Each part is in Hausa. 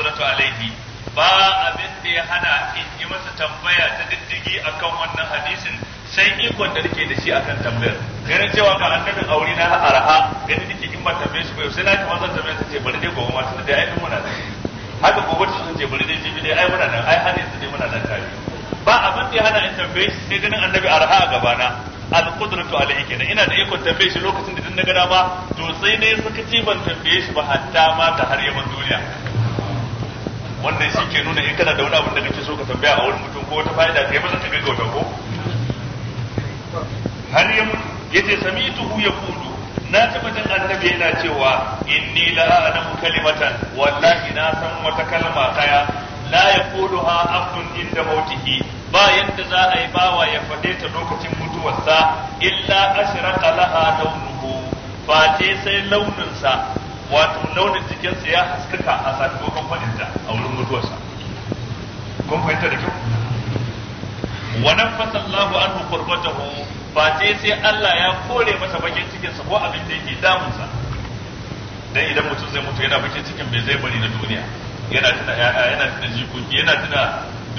alqudratu alaihi ba abin da ya hana in yi masa tambaya ta diddigi akan wannan hadisin sai ikon da nake da shi akan tambayar ganin cewa ga annabin aure na araha ganin nake in ba tambaye shi ba sai na kamar zan tambaye ta ce bari dai gobe ma da dai ai muna da haka gobe ta ce bari dai jibi dai ai muna da ai har su dai muna da tare ba abin da ya hana in tambaye shi sai ganin annabi araha a gabana al-qudratu alayhi kenan ina da ikon tafe shi lokacin da din na gada ba to sai ne suka ci ban tafe shi ba hatta ma ta har yamma duniya wanda shi ke nuna in kana da wani abin da kake so ka tambaya a wurin mutum ko wata fa'ida kai ba za ta kai ko har ya ce yace ya yaqulu na taba jin annabi yana cewa inni la a'lamu kalimatan wallahi na san wata kalma kaya la yaquluha abdun inda mautihi ba yanda za a yi bawa ya fade ta lokacin mutuwarsa illa ashraqa laha launuhu fa sai launin sa. wato launin jikinsa ya haskaka a sakamakon fadinta a wurin mutuwarsa kun fahimta da kyau wa nafasa Allahu anhu qurbatahu ba ce sai Allah ya kore masa bakin cikin sa ko abin da yake damunsa dan idan mutum zai mutu yana bakin cikin bai zai bari na duniya yana tuna yaya yana tuna jikoki yana tuna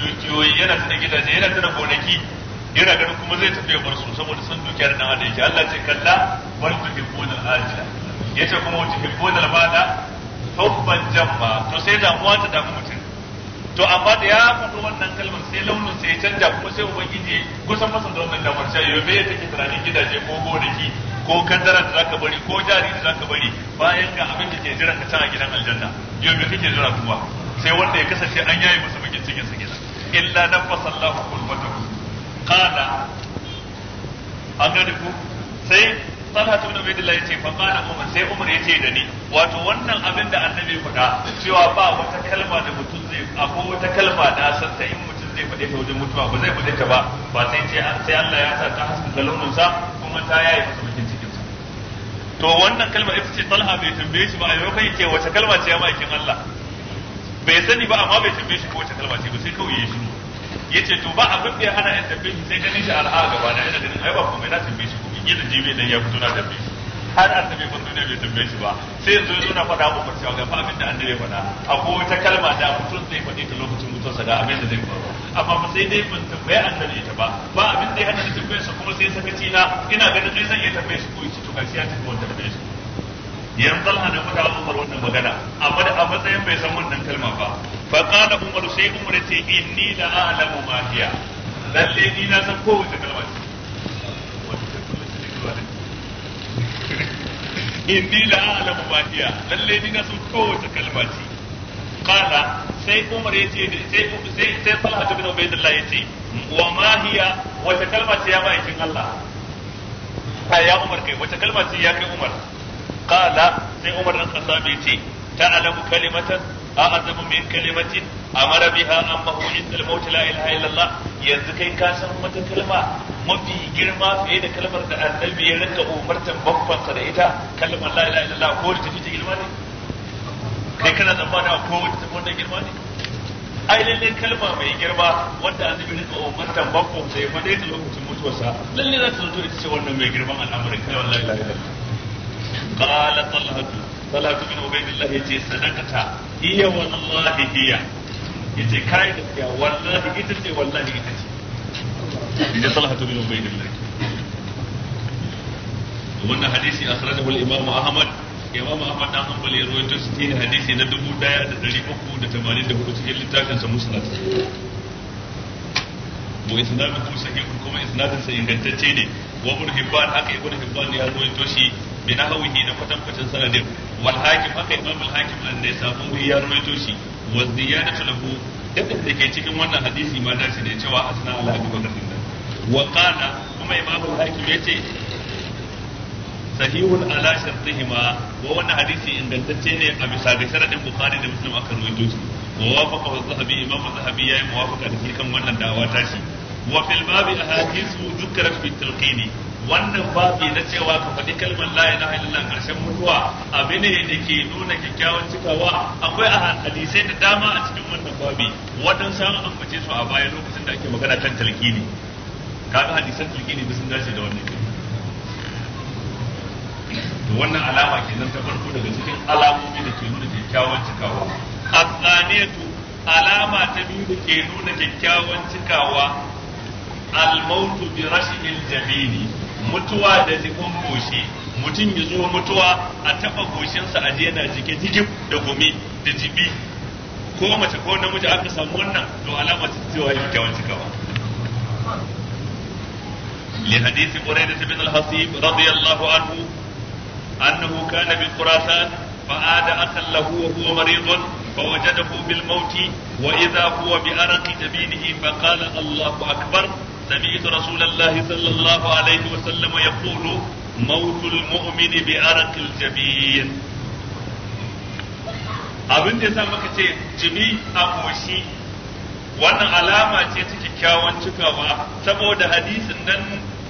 dukiyoyi yana tuna gidaje yana tuna gonaki yana ganin kuma zai tafi ya bar su saboda san dukiyar da adam yake Allah ce kalla wal tuhibbuna al-ajila yace kuma wuce da albada hubban jamma to sai damuwa ta damu mutum to amma da ya faɗo wannan kalmar sai launin sai canja kuma sai ubangiji kusan masa da wannan damar sai yau me take tunanin gidaje ko gonaki ko kaddara da zaka bari ko jari da zaka bari bayan ga abin da ke jira ka can a gidan aljanna yau me kake jira kuma sai wanda ya kasance an yayi masa bakin cikin sa gidan illa nafasa Allahu kulbatahu qala an gani ku sai Talha ibn Ubaidillah yace fa qala Umar sai Umar yace da ni wato wannan abin da annabi faɗa cewa ba wata kalma da mutum zai ko wata kalma da san ta in mutum zai faɗe ta wajen mutuwa ba zai faɗe ta ba ba sai ce sai Allah ya sa ta haske kalmun sa kuma ta yayi masa mutum cikin sa to wannan kalma ita ce Talha bai tambaye shi ba a yau ce wata kalma ce ya ma'aikin Allah bai sani ba amma bai tambaye shi ko wata kalma ce ba sai kawai ya shi yace to ba abin da ya hana in tambaye shi sai ganin shi al'a gaba da yana ganin ai ba komai na tambaye shi ko da jibi dan ya fito na tambaye shi har annabi kun duniya bai tambaye shi ba sai yanzu yanzu na faɗa Umar cewa ga abin da annabi faɗa akwai wata kalma da mutum zai faɗi ta lokacin mutuwarsa ga abin da zai faru amma ba sai dai ban tambaye annabi ita ba ba abin da ya hana tambaye shi kuma sai sakaci na ina ganin sai san iya tambaye shi ko ya ci to gashi ya tafi wanda tambaye shi yanzu Allah na faɗa Umar wannan magana amma da a matsayin bai san wannan kalma ba fa qala Umar sai Umar ce inni la a'lamu ma hiya lalle ni na san kowace kalma ce inni la a'lamu ma hiya lalle ni na san kowace kalma ce qala sai Umar ya ce sai sai sai Talha ibn Ubaydullah ya ce wa ma hiya wace kalma ce ya ma'aikin Allah kai ya Umar kai wace kalma ce ya kai Umar qala sai Umar sa Khattab ya ce ta'lamu kalimatan a'zamu min kalimatin amara biha an mahu indal maut la ilaha allah yanzu kai ka san wata kalma mafi girma fiye da kalmar da annabi ya rinka umartan babbansa da ita kalmar la ilaha Allah ko ta tafi ta girma ne kai kana tsammana ko wata tafi wannan girma ne ai lalle kalma mai girma wanda annabi rinka umartan babbansa ya faɗe ta lokacin mutuwarsa lalle za ta zo ita ce wannan mai girman al'amarin kalmar la ilaha allah qala talhatu talhatu bin ubaydillah yace sadaqata hiya wallahi hiya yace kai gaskiya wallahi ita ce wallahi ita ce inda salaha ta bin bayin ubaydillah wannan hadisi akhrajahu al-imam ahmad imam ahmad dan hanbali ya rawaito shi ne hadisi na 1384 cikin littafin sa musnad mu wa isnaduhu sahih kuma isnadin sa ingantacce ne wa ibn hibban haka ibn hibban ya rawaito shi bi nahwihi da kwatankwacin sanadin wal hakim haka imam al hakim an ne samu ya rawaito shi wa ziyadatu lahu dadin da ke cikin wannan hadisi ma wa qala kuma imamu yace sahihun ala shartihima wa wannan hadisi ingantacce ne a bisa ga sharadin bukhari da yayi muwafaqa da wannan tashi wannan babi na cewa ka faɗi kalmar la ilaha illallah ƙarshen mutuwa abu ne da ke nuna kyakkyawan cikawa akwai a hadisai da dama a cikin wannan babi waɗansu an ambace su a baya lokacin da ake magana kan talkini kaga hadisan talkini bisan dace da wannan to wannan alama kenan ta farko daga cikin alamomi da ke nuna kyakkyawan cikawa asaniyatu alama ta biyu da ke nuna kyakkyawan cikawa al-mautu bi rashil jamili mutuwa da zikin goshi mutum ya zo mutuwa a taɓa goshinsa a je yana jike jigib da gumi da jibi ko mace ko namiji aka samu wannan to alama ce cewa ya kyawun cikawa لحديث بريدة بن الحصيب رضي الله عنه أنه كان بخراسان فعاد أخا له وهو مريض فوجده بالموت وإذا هو بأرق جبينه فقال الله أكبر سمعت رسول الله صلى الله عليه وسلم يقول موت المؤمن بأرق الجبين abin da ya sa maka ce jimi a koshi wannan alama ce ta kyakkyawan cikawa saboda hadisin nan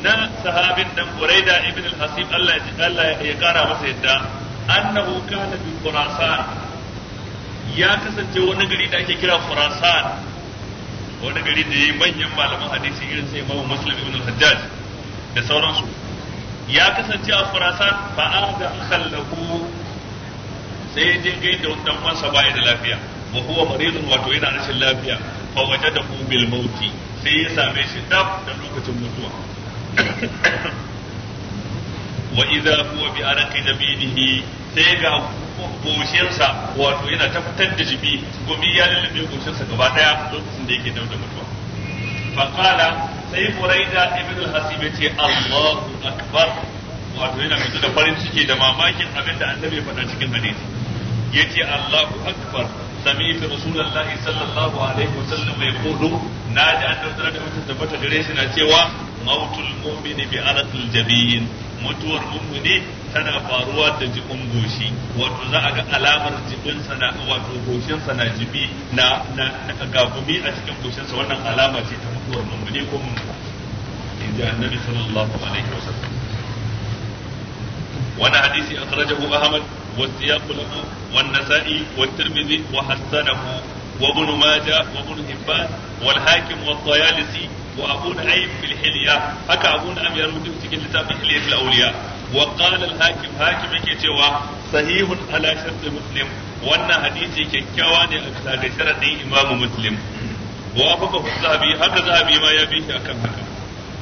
na sahabin nan Buraida ibn al-Hasib Allah ya kara masa yadda annahu kana bi Khurasan ya kasance wani gari da ake kira Khurasan wani gari da yi manyan malaman hadisi irin sai Imam Muslim ibn al-Hajjaj da sauransu ya kasance a Khurasan fa ga khallahu sai ya je gaida wani dan uwansa bai da lafiya wa huwa maridun wato yana rashin lafiya fa wajadahu bil mauti sai ya same shi dab da lokacin mutuwa wa idza huwa bi araqi nabiyhi sai ga goshinsa wato yana ta fitar da jimi gumi ya lullube goshinsa gaba daya lokacin da yake dau da mutuwa faqala sai buraida ibn al-hasib yace Allahu akbar wato yana da farin ciki da mamakin abin da annabi ya faɗa cikin hadisi yace Allahu akbar سمعت رسول الله صلى الله عليه وسلم يقول نادى أن ذلك تثبت جريسنا موت المؤمن الجبين mutuwar mummune tana faruwa da jibin goshi wato za a ga alamar jibin na wato goshin na jibi na na gagumi a cikin goshin sa wannan alama ce ta mutuwar mummune ko mummuna inda annabi sallallahu alaihi wasallam wani hadisi akhrajahu ahmad wa siyaq lahu wa an-nasa'i wa tirmidhi wa hasanahu wa ibn majah wa ibn hibban wal hakim wa at-tayalisi wa abu na'im fil hilya haka abu na'im ya rubuta cikin littafin hilya fil awliya wa qala al-hakim hakim yake cewa sahihun ala shart muslim wannan hadisi kyakkyawa ne a bisa ga sharadin imam muslim wa afaqa zahabi haka zahabi ma ya bi shi akan haka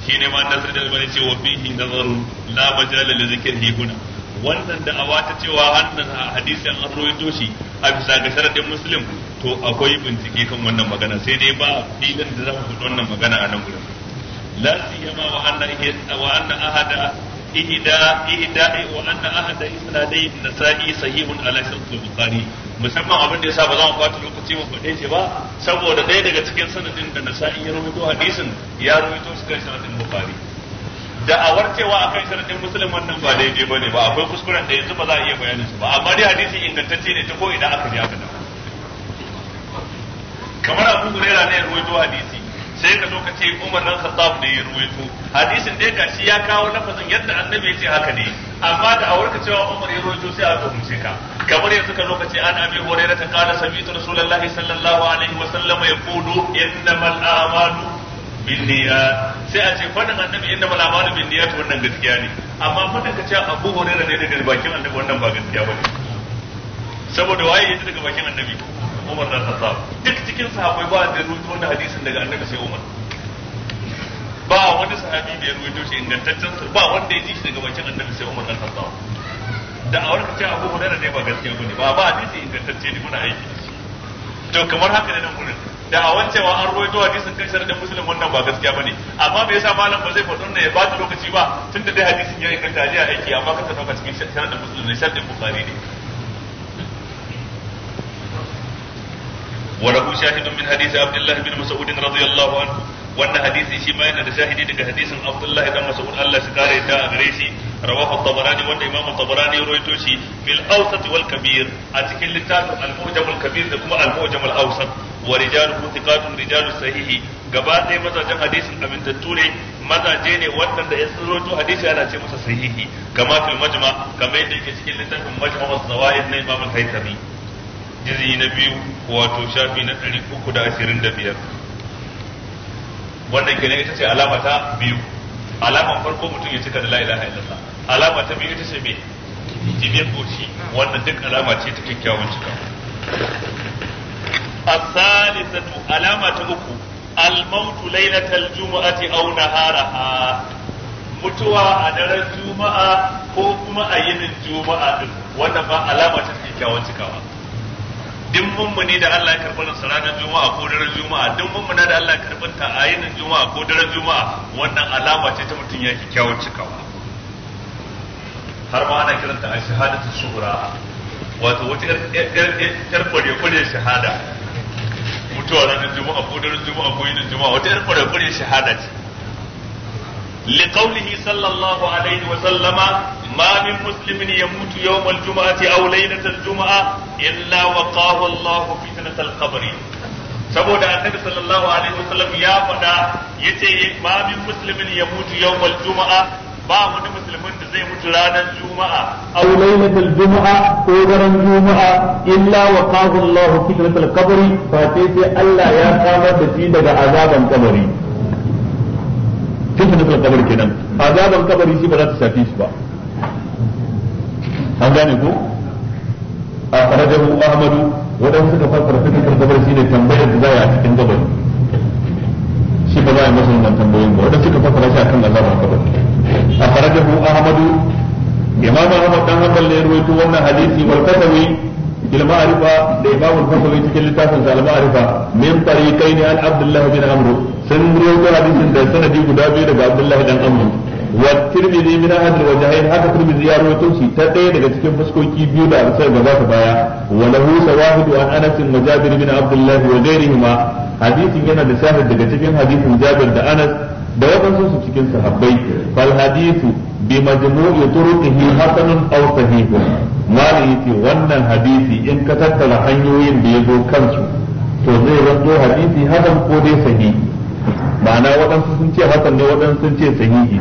shine da albani ce wa wannan da a wata cewa annan hadisin an rawaito shi a bisa ga sharadin muslim to akwai bincike kan wannan magana sai dai ba filin da za mu wannan magana a nan gurin la siyama wa anna ahada ihda ihda wa anna ahada isnadai nasa'i sahihun ala shart al-bukhari musamman abin da yasa ba za mu fata lokaci mu faɗe shi ba saboda ɗaya daga cikin sanadin da nasa'i ya rubuto hadisin ya rubuto shi kan sanadin bukhari da'awar cewa akan sanadin musulman wannan ba daidai bane ba akwai kuskuren da yanzu ba za a iya bayanin su ba amma dai hadisi ingantacce ne ta ko idan aka ji aka kamar abu hurairah ne ya ruwaito hadisi sai ka zo ka ce Umar dan Khattab ne ya ruwaito hadisin dai gashi ya kawo lafazin yadda annabi ya ce haka ne amma da a awarka cewa Umar ya ruwaito sai a tuhumce ka kamar yanzu ka zo ka ce an abi Hurairah ta kana sami'tu Rasulullahi sallallahu alaihi wa sallam kudu innamal a'malu binniyat sai a ce fadin annabi innamal a'malu binniyat wannan gaskiya ne amma fadin ka ce Abu Hurairah ne daga bakin annabi wannan ba gaskiya bane saboda waye yaji daga bakin annabi Umar dan Khattab duk cikin sahabbai ba da rubuta wani hadisin daga annabi sai Umar ba wani sahabi da ya rubuto shi ingantaccen sa ba wanda ya ji shi daga bakin annabi sai Umar dan Khattab da a ka ce Abu Hurairah ne ba gaskiya bane ba ba hadisi ingantacce ne muna aiki to kamar haka ne nan gurin da a wancewa an ruwaito hadisin kan sharadin musulun wannan ba gaskiya bane amma me yasa malam ba zai faɗo ne ya bata lokaci ba tunda dai hadisin ya inganta a aiki amma ka ta dauka cikin sharadin musulun ne sharadin bukhari ne وله شاهد من حديث عبد الله بن مسعود رضي الله عنه وان حديث شي ما yana da shahidi daga hadisin Abdullah ibn Mas'ud Allah shi kare da gare shi rawahu at-Tabarani wanda Imam at-Tabarani ya rawaito shi fil awsat wal kabir a cikin littafin al-Mu'jam kabir da kuma al-Mu'jam al-Awsat sahihi gaba ɗaya mazajen hadisin ne mazaje ne waɗanda ya tsiro hadisi ana ce masa sahihi kama fil majma kamar yadda yake cikin littafin majma wa zawaid na Imam al-Haythami na biyu wato shafi na 325 wannan kenan ita ce alama ta biyu Alama farko mutum ya cika da la'ila ilaha illallah alama ta biyu ita ce me jibin goshi wannan duk alama ce ta kyakkyawan cika as-salisatu alama ta uku al-mautu lailatal jumu'ati aw naharaha mutuwa a daren juma'a ko kuma a yinin juma'a din wannan ba alama ta kyakkyawan cikawa duk mummuni da Allah ya karɓar sa ranar juma'a ko daren juma'a duk mummuna da Allah ya karɓar ta a yinin juma'a ko daren juma'a wannan alama ce ta mutum ya kyawun cikawa har ma ana kiranta a shahadatu shuhra wato wata yar ƙware kware shahada mutuwa ranar juma'a ko daren juma'a ko yinin juma'a wata yar ƙware kware shahada ce liqaulihi sallallahu alaihi wa sallama ما من مسلم يموت يوم الجمعة أو ليلة الجمعة إلا وقاه الله فتنة القبر saboda annabi sallallahu alaihi wasallam ya faɗa yace ma min muslimin ya mutu yawmal juma'a ba wani musulmin da zai mutu ranar juma'a aw lailatul juma'a ko daren juma'a illa wa qahu Allahu fitnatul qabri fa sai sai Allah ya kamar da shi daga azaban kabari fitnatul qabri kenan azaban kabari shi ba za ta shafi shi ba an gane ko a farajahu Muhammadu wadanda suka fassara fitar gabar ne tambayar da za a cikin gabari shi ba za a yi masa wannan tambayoyin ba wadanda suka fassara shi a akan azabar gabar a farajahu Muhammadu imam ahmad dan hanbal ne ruwaito wannan hadisi wal katawi bil ma'rifa da imam al katawi cikin littafin sa al ma'rifa min tariqaini an abdullah bin amr sun ruwaito hadisin da sanadi guda biyu daga abdullah dan amr wa tirmidhi min ahad alwajhayn haka tirmidhi ya rawaito shi ta ɗaya daga cikin fuskoki biyu da aka sai gaba ta baya wa lahu shawahidu an anas wa jabir bin abdullah wa ghayrihima hadisin yana da shahid daga cikin hadisin jabir da anas da wadansu su cikin sahabbai fal hadithu bi majmu'i turuqihi hasanun aw yace wannan hadisi in ka tattara hanyoyin da zo kansu to zai zanto hadisi hasan ko dai sahihi ma'ana waɗansu sun ce hasan ne waɗansu sun ce sahihi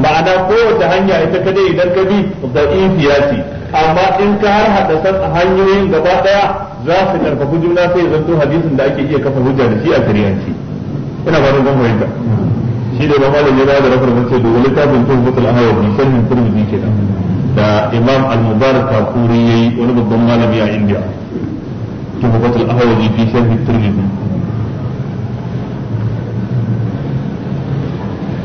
ma'ana kowace hanya ita ka dai idan ka bi da ce amma in ka har hada san hanyoyin gaba daya za su karfafi juna sai zanto hadisin da ake iya kafa hujja da shi a kariyanci ina ba zan fahimta shi da ba ne da rafar mun ce da wani kafin tun mutul ahwa bi sanin turmi ke da da imam al-mubarak kafuri yayi wani babban malami a indiya tun mutul ahwa bi sanin turmi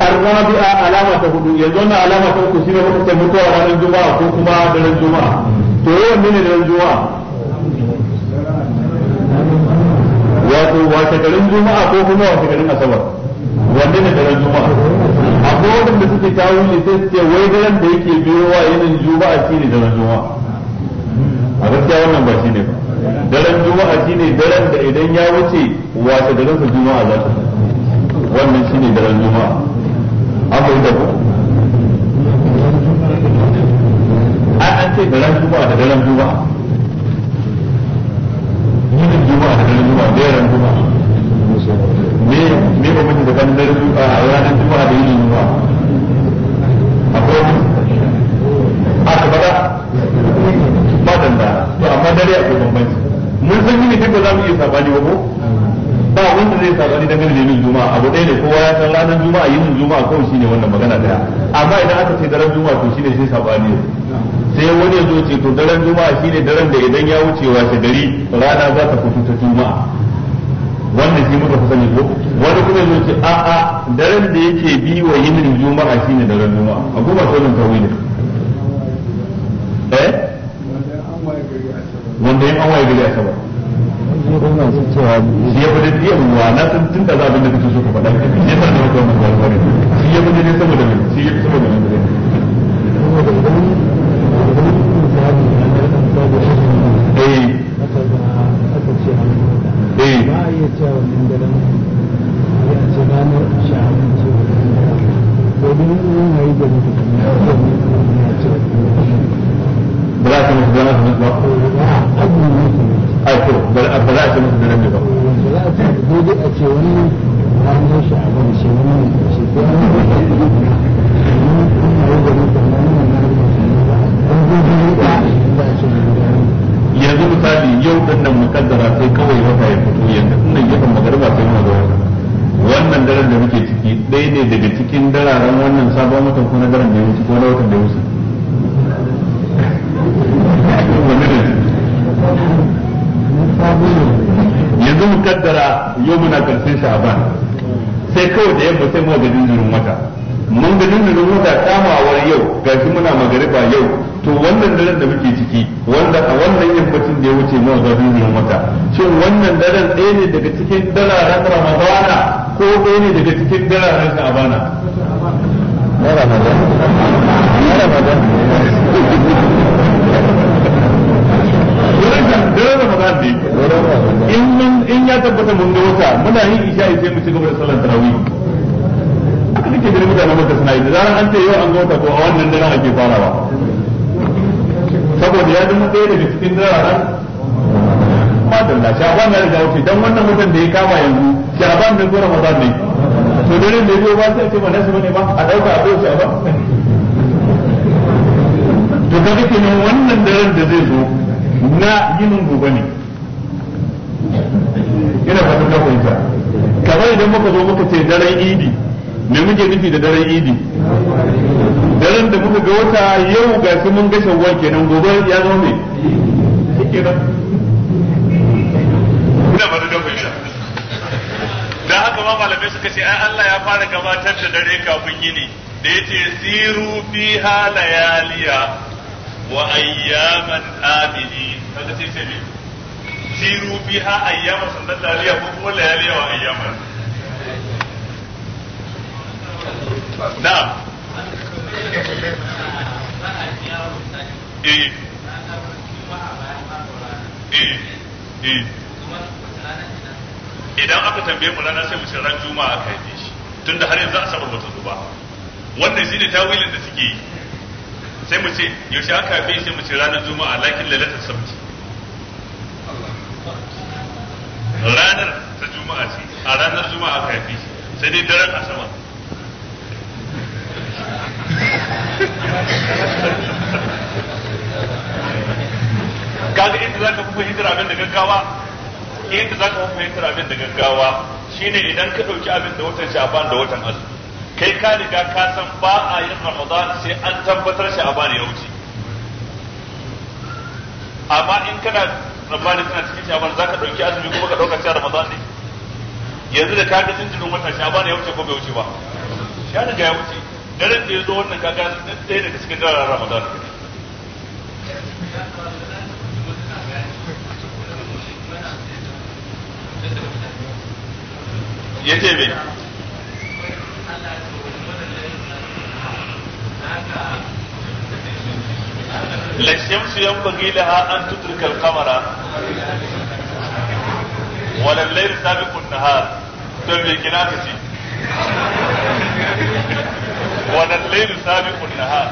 الرابعة علامة هدو يزون علامة هدو سينا وقت متوى على الجمعة كوكما على الجمعة تقول من الجمعة wato wace garin juma'a ko kuma wace garin asabar wanne ne garin juma'a akwai wanda suke kawo ne sai su ce wai garin da yake biyowa yinin juma'a ne daren juma'a a gaskiya wannan ba shine ba daren juma'a ne daren da idan ya wuce wace garin sa juma'a za ta wannan ne daren juma'a an bai da an ce da ran da daren juma'a dangane da yin juma'a abu ɗaya ne kowa ya san ranar juma'a yin juma'a kawai shine wannan magana daya amma idan aka ce daren juma'a to shine sai sabani sai wani ya zo ce to daren juma'a shine daren da idan ya wuce washe gari rana za ta fito ta juma'a wannan shi muka sani ko wani kuma ya ce a a daren da yake bi wa yin juma'a shine daren juma'a a kuma to nan tawili eh wanda ya awaye gari a cewa ya fi da tiyan wa na san tun da zaɓin da kake so ka faɗa ya sa da wata mutuwa ba shi ya fi ne saboda ne shi ya fi saboda ne eh. eh ba a iya cewa wannan gadon ya ce ranar shahararren ce domin yin yayi da mutum ya ce ba za ka mutu gana su mutu ba eh, aiko ba yanzu misali yau din nan mukaddara sai kawai wata ya fito yanzu nan gefen sai wannan daren da muke ciki ɗaya ne daga cikin dararen wannan sabon watan kuma daren da ya wuce ko na watan da ya wuce muna karshen sha'ban sai kawai da yamma sai mu gajin jirin wata mun gajin jirin wata kamawar yau gashi muna magariba yau to wannan daren da muke ciki wanda a wannan yammacin da ya wuce mu ga jirin wata shin wannan daren ɗaya ne daga cikin dararen ramadana ko ɗaya ne daga cikin dala sha'bana na ramadana na ramadana ramadan dare ramadan ne in mun in ya tabbata mun ga wata muna yin isha sai mu ci gaba da sallar tarawih haka nake da mutane maka suna yi da zaran an ce yau an ga wata ko a wannan dare ake farawa saboda ya zama ɗaya daga cikin daren matan da sha'ban ya riga wuce dan wannan mutum da ya kama yanzu sha'ban ne ko ramadan ne to dare da ya biyo ba sai ce ba nasu bane ba a dauka a biyo sha'ban to kaga kenan wannan daren da zai zo na yinin gobe ne ina fatan ka fahimta kamar idan muka zo muka ce daren idi me muke nufi da daren idi daren da muka ga wata yau ga su mun ga shawwal kenan gobe ya zo ne kenan ina ba da fahimta da haka ma malamai suka ce ai Allah ya fara gabatar da dare kafin yini da yace siru fiha layaliya wa ayyaman abidi kaga sai sai siru biha ayyama sannan laliya ko kuma layaliya wa ayyama na'am eh. Eh. eh idan aka tambaye mu rana sai mu ce ran juma'a kai shi tunda har yanzu a bata zo ba wannan shine tawilin da suke yi sai mu ce yaushe aka haife sai mu ce ranar juma'a lakin lailatul sabti ranar ta juma'a ce a ranar juma'a aka haife shi sai dai daren asama kaga inda zaka fi fahimtar abin da gaggawa inda zaka fi fahimtar abin da gaggawa shine idan ka dauki abin da watan sha'ban da watan azumi kai ka riga ka san ba a yin ramadan sai an tabbatar shi a bani ya wuce amma in kana ramadan kana cikin shaban za ka ɗauki azumi kuma ka ɗauka cikin ramadan ne yanzu da ka ga jirgin wata shi a bani ya wuce ko bai wuce ba ya riga ya wuce daren da ya zo wannan kaga ɗaya daga cikin daren ramadan ya ce mai la shamsu yanbaghi laha an tudrika al-qamara wa la layl sabiqu an-nahar to me kina ka ce wa la layl sabiqu an-nahar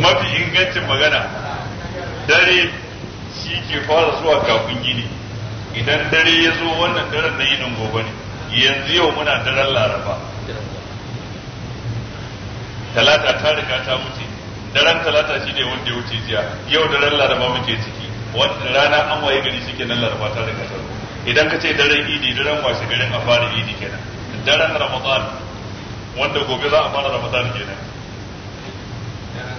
mafi ingancin magana dare shi ke fara zuwa kafin gini idan dare ya zo wannan daren na yinin gobe ne yanzu yau muna daren laraba talata ta riga ta wuce daren talata shi ne wanda ya wuce jiya yau daren laraba muke ciki wannan rana an waye gari shi kenan laraba ta riga ta idan ka ce daren idi daren washe garin a fara idi kenan daren ramadan wanda gobe za a fara ramadan kenan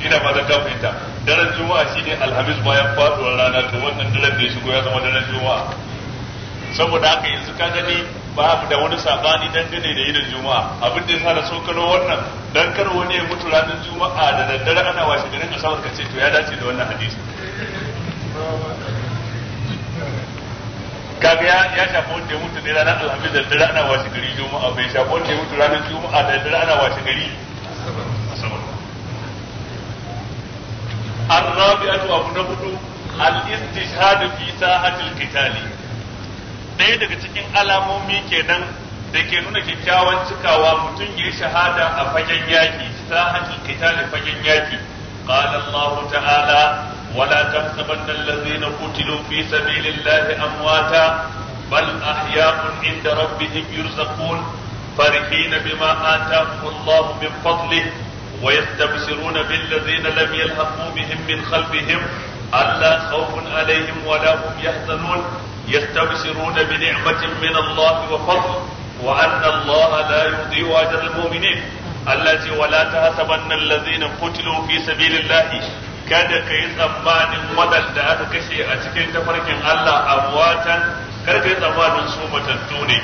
ina ba da ka fahimta daren juma'a shine alhamis bayan faduwar rana to wannan daren da ya shigo ya zama daren juma'a saboda haka yanzu ka gani babu da wani sabani dangane da idan juma'a abin da yasa da sokano wannan dan kar wani ya mutu ranar juma'a da daddare ana washe garin asabar ka ce to ya dace da wannan hadisi kaga ya ya shafi wanda ya mutu ne ranar alhamis da daddare ana washe gari juma'a bai shafi wanda ya mutu ranar juma'a da daddare ana washe gari الرابعة أبو نبدو الاستشهاد في ساحة القتال ɗaya daga cikin alamomi kenan da ke nuna kyakkyawan cikawa mutum ya yi shahada a fagen yaki sahatul qital fagen yaki qala Allah ta'ala wala tahsabanna allazina qutilu fi sabilillahi amwata bal ahya'un inda rabbihim yurzaqun farihin bima atahum Allah min fadlihi ويستبشرون بالذين لم يلحقوا بهم من خلفهم ألا خوف عليهم ولا هم يحزنون يستبشرون بنعمة من الله وفضل وأن الله لا يضيع أجر المؤمنين التي ولا تحسبن الذين قتلوا في سبيل الله kada ka yi tsammanin waɗanda aka kashe a cikin tafarkin Allah amwatan kar ka yi tsammanin su matattu ne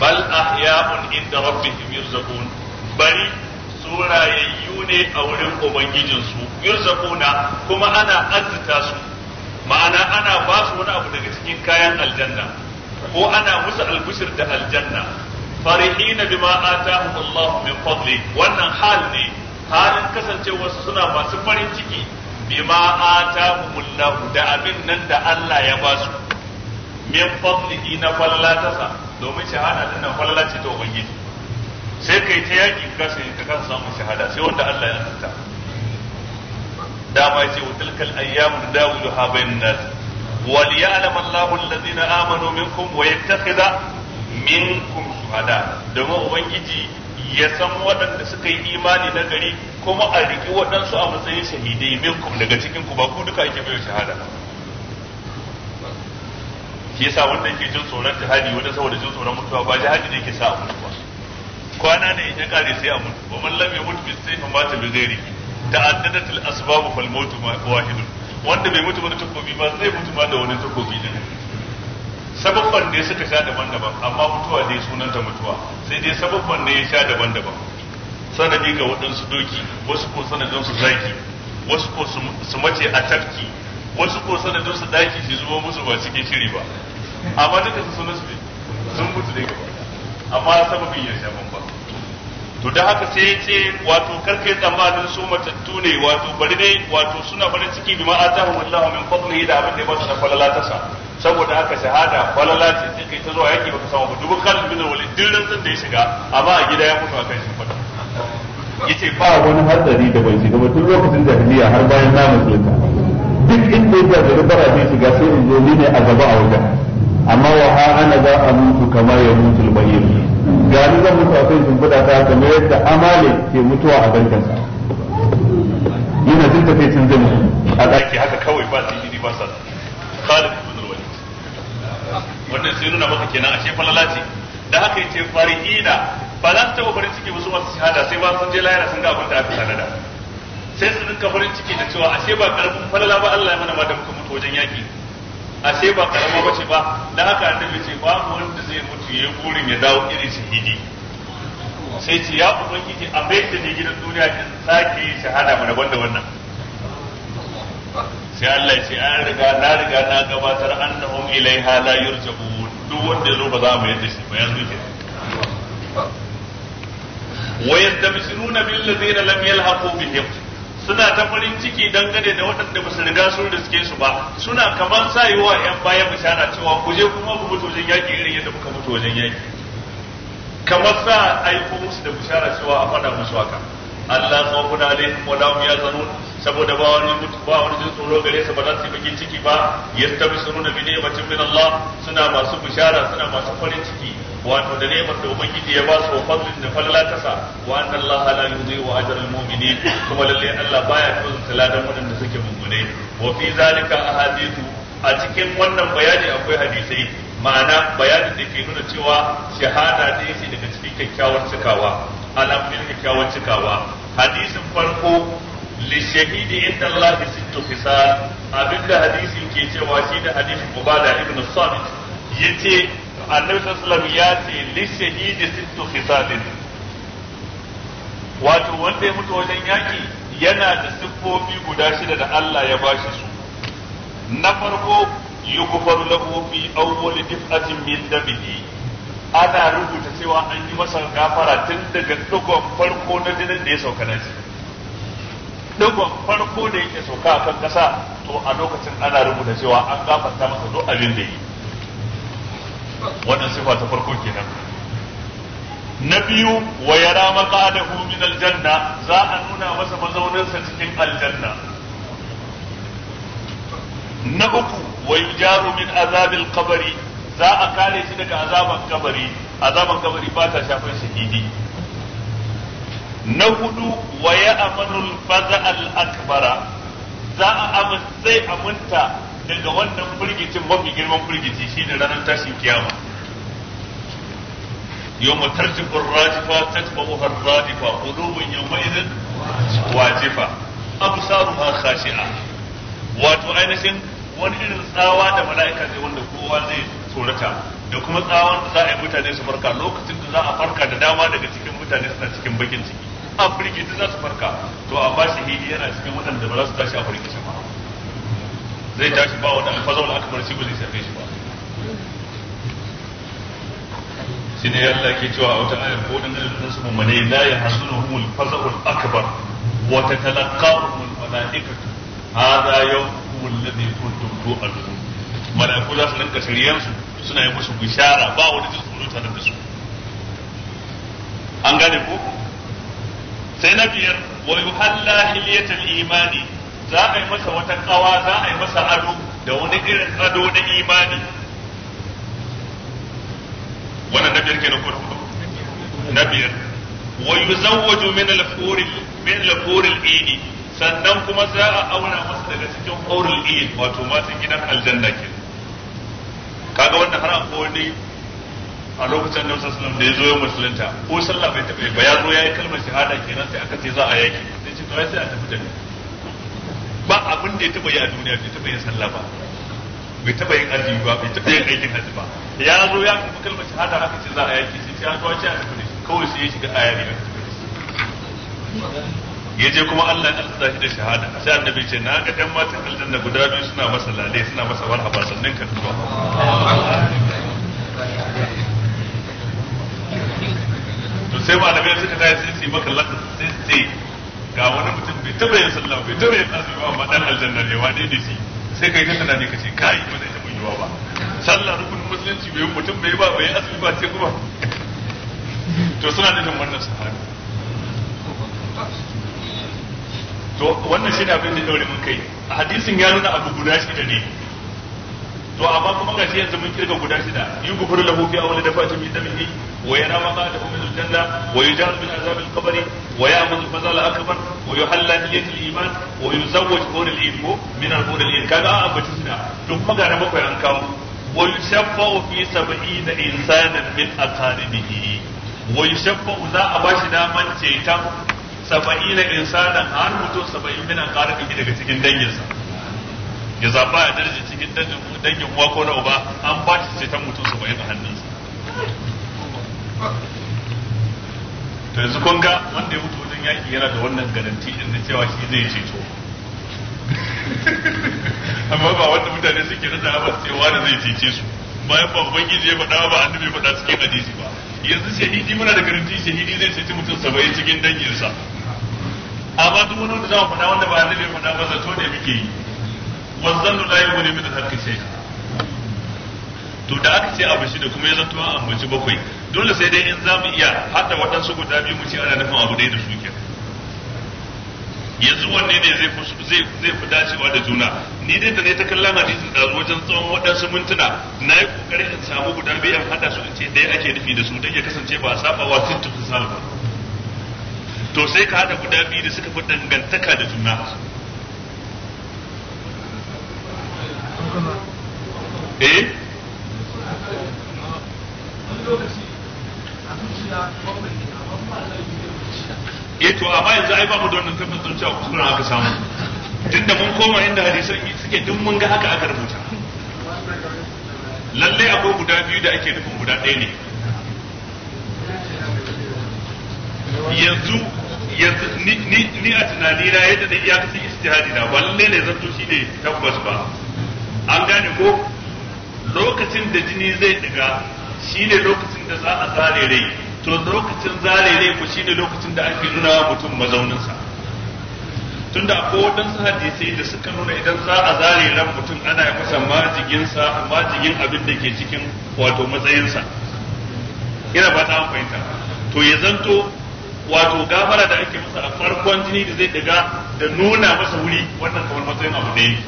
bal ahya'un inda rabbihim yurzaqun bari su ne a wurin ubangijinsu yurzaquna kuma ana azzita su ma'ana ana ba su wani abu daga cikin kayan aljanna ko ana musu albushir da aljanna farihina bima atahum Allah min fadli wannan hal ne halin kasancewarsu suna masu farin ciki bima atahum Allah da abin nan da Allah ya ba su min fadlihi na fallatasa domin shahada dinnan fallaci ta ubangiji sai kai ta yaki ka kasa ka kasa samun shahada sai wanda Allah ya azurta dama ce wa tilkal ayyamu dawiluha bainan nas wal ya'lam Allahu alladhina amanu minkum wa yattakhidha minkum shuhada domin ubangiji ya san waɗanda suka yi imani na gari kuma a riƙi waɗansu a matsayin shahidai minkum daga cikin ku ba ku duka ake bayar shahada shi yasa wanda yake jin tsoron jihadi wanda saboda jin tsoron mutuwa ba jihadi ne yake sa a mutuwa kwana ne ya kare sai a mutu wa man lam yamut bi sayfin mata bi ghairi ta'addadat al asbab fal mautu wahid wanda bai mutu ba da takobi ba zai mutu ma da wani takobi din sababban ne suka sha daban-daban amma mutuwa dai sunan ta mutuwa sai dai sababban ne ya sha daban-daban sanadi ga waɗansu doki wasu ko sanadin su zaki wasu ko su mace a tafki wasu ko sanadin su daki shi zuwa musu ba cikin shiri ba amma duka su sunan su sun mutu dai gaba amma sababin ya sha ban ba to da haka sai ya ce wato karkai tsammanin su matattu ne wato bari ne wato suna bari ciki bi ma atahum Allahu min fadlihi da abin da ya bata na falala ta sa saboda haka shahada falala ce sai kai ta zuwa yaki baka samu dubu kan bin walid dirrin sun da ya shiga amma a gida ya mutu a kai shi fada yace ba wani hatsari da bai shiga ba tun lokacin jahiliya har bayan na musulunta duk inda ya da bara zai shiga sai in zo ni ne a gaba a wajen amma wa ha ana za a mutu kamar ya mutu al-bayyin gani zan mutu a kan shimfiɗa ta kamar yadda amale ke mutuwa a dangansa yana jin tafiya zai mutu a ɗaki haka kawai ba su yi ba sa Khalid ibn al-Walid wannan sai nuna maka kenan ashe falala ce da haka yace fari'ina ba za su taɓa farin ciki ba su masu shahada sai ba sun je lahira sun ga abin da aka sanada sai su rinka farin ciki da cewa ashe ba karfin falala ba Allah ya mana ma da muka mutu wajen yaki ashe ba karama ba ce ba da haka annabi ce ba mu wanda zai mutu ya burin ya dawo irin shahidi sai ce ya ubangiji a bai da ne gidan duniya din sake yi shahada mana banda wannan sai Allah ya ce an riga na riga na gabatar annahum ilaiha la yurjabu duk wanda zo ba za mu yadda shi ba yanzu ke ويستبشرون بالذين lam yalhaqu bihim suna ta farin ciki dangane da waɗanda ba su riga sun riske su ba suna kamar wa yan baya bishara cewa ku je kuma ku mutu wajen yaƙi irin yadda kuka mutu wajen yaƙi kamar sa aiko musu da bishara cewa a faɗa musu haka Allah kuna alaihim wa lahum yahzanun saboda ba wani mutu ba wani jin tsoro gare su ba za su yi bakin ciki ba yastabisununa bi ni'matin min Allah suna masu bishara suna masu farin ciki wato da neman da ubangiji ya ba su wa fadlin da falala tasa wa anna Allah la yudhi'u al mu'minin kuma lalle Allah baya tozunta ladan wadanda suke mummunai. wa fi zalika ahadithu a cikin wannan bayani akwai hadisai ma'ana bayanin da ke nuna cewa shahada ɗaya sai daga cikin kyakkyawar cikawa alamun kyakkyawar cikawa hadisin farko للشهيد عند الله ست خصال abinda hadisin ke cewa shi da hadisin ubada ibn sabit yace annabi sallallahu ya ce shahidi sittu khisalin wato wanda ya mutu wajen yaki yana da siffofi guda shida da Allah ya bashi su na farko yughfaru lahu fi awwal dif'atin min dabihi ana rubuta cewa an yi masa gafara tun daga dugon farko na jinin da ya sauka na shi dugon farko da yake sauka a kan kasa to a lokacin ana rubuta cewa an gafarta masa duk abin da yake wannan sifa ta farko kenan na biyu wa yara maqadahu min aljanna za a nuna masa mazauninsa cikin aljanna na uku wa yujaru min azabil qabri za a kare shi daga azaban kabari azaban kabari ba ta shafin shahidi na hudu wa ya baza faza al akbara za a amince aminta daga wannan firgicin mafi girman firgici shi ne ranar tashin kiyama Yau yawma tarjifur rajifa tatba'uha ar-radifa qulubun yawma idhin wajifa absaruha kashi'a wato ainihin wani irin tsawa da mala'ika zai wanda kowa zai tsorata da kuma tsawon da za a yi mutane su farka lokacin da za a farka da dama daga cikin mutane suna cikin bakin ciki a firgici za su farka to a bashi shi yana cikin waɗanda ba za su tashi a firgici ba zai tashi ba wani alfazar aka akabar shi ba zai shafe shi ba shi ne Allah ke cewa wata ayar ko dan alfin su mane la humul alfazar akbar wa al almalaikatu hada yawm alladhi kuntum tu'adun malaiku za su rinka shiryan su suna yi musu bishara ba wani jin tsoro tare da su an gane ko sai na biyar wa yuhalla hiliyatul imani za a yi masa wata kawa za a yi masa ado da wani irin ado na imani wannan na biyar na ko na biyar wa yi min al-furi min al ini sannan kuma za a auna masa daga cikin aurul ini wato matan gidan aljanna ke kaga wanda har an wani a lokacin da Musa da ya zo ya musulunta ko sallah bai tafi ba ya zo ya yi kalmar shahada kenan sai aka ce za a yaki sai ce to sai a tafi da ni ba abin da ya taba yi a duniya bai taba yin sallah ba bai taba yin azumi ba bai taba yin aikin hajji ba ya zo ya kuma kalmar shahada aka ce za a yaki sai ya zo zuwa ce a tafi da shi kawai sai ya shiga aya ne ya je kuma Allah ya tsaya da shahada sai annabi ce na ga dan matan aljanna guda biyu suna masa lalai suna masa marhaba sannan ka duba to sai malamai suka tayi sai su maka lakas sai su ga wani mutum bai taba yin sallah bai taba yin tsari ba amma dan aljanna ne wane ne shi sai kai ta ne kace kai ba zai taba yiwa ba sallah rukun musulunci bai mutum bai ba bai asali ba sai kuma to suna da wannan sahabi to wannan shi ne abin da daure mun kai a hadisin ya nuna abu guda da ne to amma kuma gashi yanzu mun kirga guda shida yughfiru lahu fi da fatimi da damihi wa yara maqadahu da al-janna wa yujar min azab al-qabr wa ya'mud fazal akbar wa yuhalla niyyat al-iman wa yuzawwaj hur al-ilm min al-hur al-ilm kaga a bace shida to kuma ga na bakwai an kawo wa yushaffa'u fi sab'ina insanan min aqaribihi wa yushaffa'u za a bashi daman ceton sab'ina insanan har mutum saba'in min aqaribihi daga cikin danginsa ya zaba ya darje cikin dangin uwa ko na uba an ba shi ce ta mutum su bayan a hannunsa to yanzu kun ga wanda ya mutu wajen yaki yana da wannan garanti din da cewa shi zai to amma ba wanda mutane suke rasa ba su cewa da zai cece su bayan ba ubangiji ya faɗa ba annabi ya faɗa cikin hadisi ba yanzu shahidi muna da garanti shahidi zai ceci mutum saba'in cikin danginsa amma duk wani wanda za mu faɗa wanda ba annabi ya faɗa ba zato ne muke yi wazzannu la yughni min al-haqqi shay'a to da aka ce abu shida kuma ya zanto an ambaci bakwai dole sai dai in za mu iya hada waɗansu guda biyu mu ce ana nufin abu da su ke yanzu wanne ne zai fi zai zai fi dacewa da juna ni dai da ne ta kallon hadisin da wajen tsawon waɗansu mintuna na yi kokarin in samu guda biyu in hada su in ce dai ake nufi da su da ya kasance ba a saba wa tuntun ba to sai ka hada guda biyu da suka fi dangantaka da juna eh eh to amma yanzu ai ba mu da wannan tabbatar cewa kuskuren aka samu da mun koma inda hadisan suke duk mun ga haka aka rubuta lalle akwai guda biyu da ake nufin guda ɗaya ne yanzu yanzu ni a tunani na yadda da iyakacin istihadi na ba lalle ne zan shi ne tabbas ba an gane ko lokacin da jini zai diga shine lokacin da za a zare rai to lokacin zare rai ko shine lokacin da ake nuna wa mutum mazauninsa tunda akwai waɗansu hadisai da suka nuna idan za a zare ran mutum ana yi masa majiginsa majigin abin da ke cikin wato matsayinsa ina ba ta fahimta to ya zanto wato gafara da ake masa a farkon jini da zai daga da nuna masa wuri wannan kamar matsayin abu ne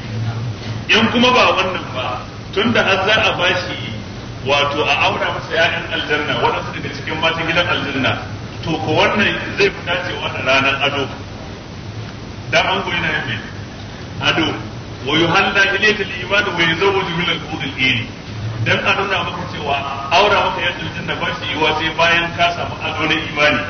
in kuma ba wannan ba tunda an za a bashi wato a aura masa ya'yan aljanna waɗansu daga cikin matan gidan aljanna to ko wannan zai fi dacewa wa ranar ado dan an goyi na yabe ado wa yuhalla ilayka al-iman wa yuzawwiju min al-qud al dan a nuna maka cewa aura maka ya'yan aljanna ba shi sai bayan ka samu ado na imani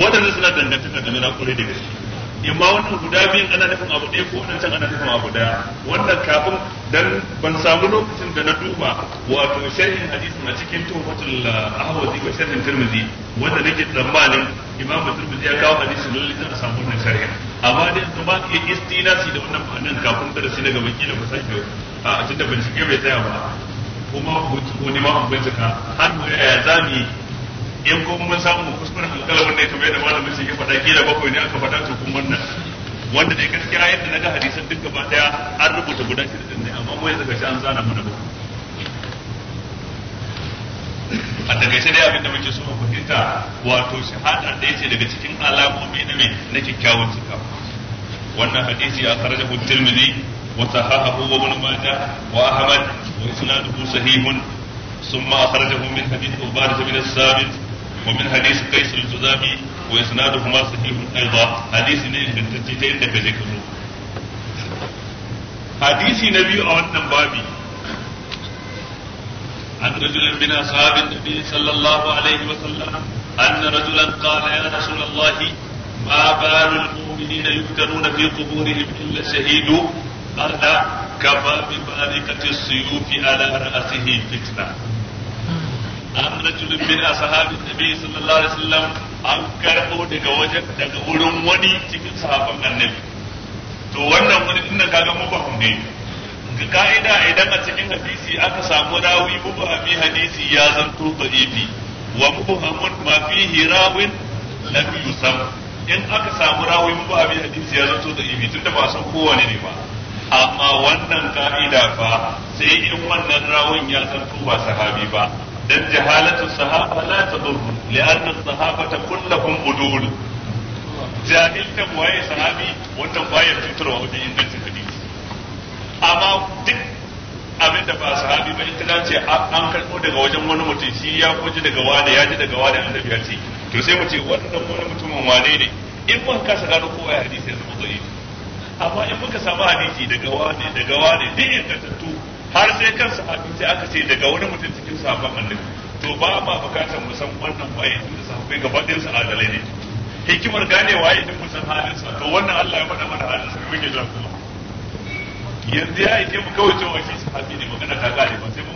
waɗannan suna dangantaka da na kure da gaske imma wannan guda biyun ana nufin abu ɗaya ko wannan can ana nufin abu ɗaya wannan kafin dan ban samu lokacin da na duba wato sharhin hadisi a cikin tuhfatul ah, ahwazi wa sharhin tirmidhi wanda nake tsammanin imamu tirmidhi ya kawo hadisi lalle zan samu wannan sharhin amma dai yanzu ba iya istinasi da wannan ma'anan kafin darasi na gaba kila ba sake a ah, tunda bincike bai tsaya ba kuma ko ne ma bincika har mu ya zami in kuma mun samu kuskuren wanda ya kamar yadda malamin shi fada faɗa kila bakwai ne aka faɗa to kun wannan wanda dai gaskiya yadda na ga hadisan duk gaba daya an rubuta guda shi da ne amma mu yanzu gashi an zana mana ba a takaice dai abin da muke so mu fahimta wato shahada da yace daga cikin alamomi na mai na kikkiawar cika wannan hadisi a kharajahu tirmidhi wa sahahahu wa ibn majah wa ahmad wa isnaduhu sahihun ثم أخرجه من حديث عبادة بن الثابت ومن حديث قيس الجذامي وإسنادهما صحيح أيضا حديث نجد تتتين ذكره حديث نبي أو النبابي عن رجل من أصحاب النبي صلى الله عليه وسلم أن رجلا قال يا رسول الله ما بال المؤمنين يفتنون في قبورهم إلا الشهيد قال كفى ببارقة السيوف على رأسه فتنة an rajulun min ashabin nabi sallallahu alaihi wasallam an karbo daga wajen daga wurin wani cikin sahabban annabi to wannan wani tunda kaga mubaham ne ga ka'ida idan a cikin hadisi aka samu rawi mubahami hadisi ya zanto ibi wa mubahamun ma fihi rawin lam yusam in aka samu rawi mubahami hadisi ya zanto ibi tunda ba san kowane ne ba amma wannan ka'ida fa sai in wannan rawin ya zanto ba sahabi ba dan jahalatu sahaba la li anna sahabata kullakum udul ta waye sahabi wannan baya cutarwa wajen ingancin hadisi amma duk abin da ba sahabi ba ita ce an karɓo daga wajen wani mutum shi ya kuji daga wani ya ji daga wani annabi ya ce to sai mu ce wannan wani mutumin wane ne in ka sa gano kowa ya hadisi ya zama zai amma in muka samu hadisi daga wani daga wani duk ingantattu har sai kan sahabi sai aka ce daga wani mutum cikin sahabban annabi to ba ma bukatar mu san wannan waye da sahabbai gaba ɗayan su adalai ne hikimar ganewa idan mu san halin sa to wannan Allah ya faɗa mana halin sa ke jira kuma yanzu ya yi mu kawai cewa shi sahabi ne magana ta gane ba sai mu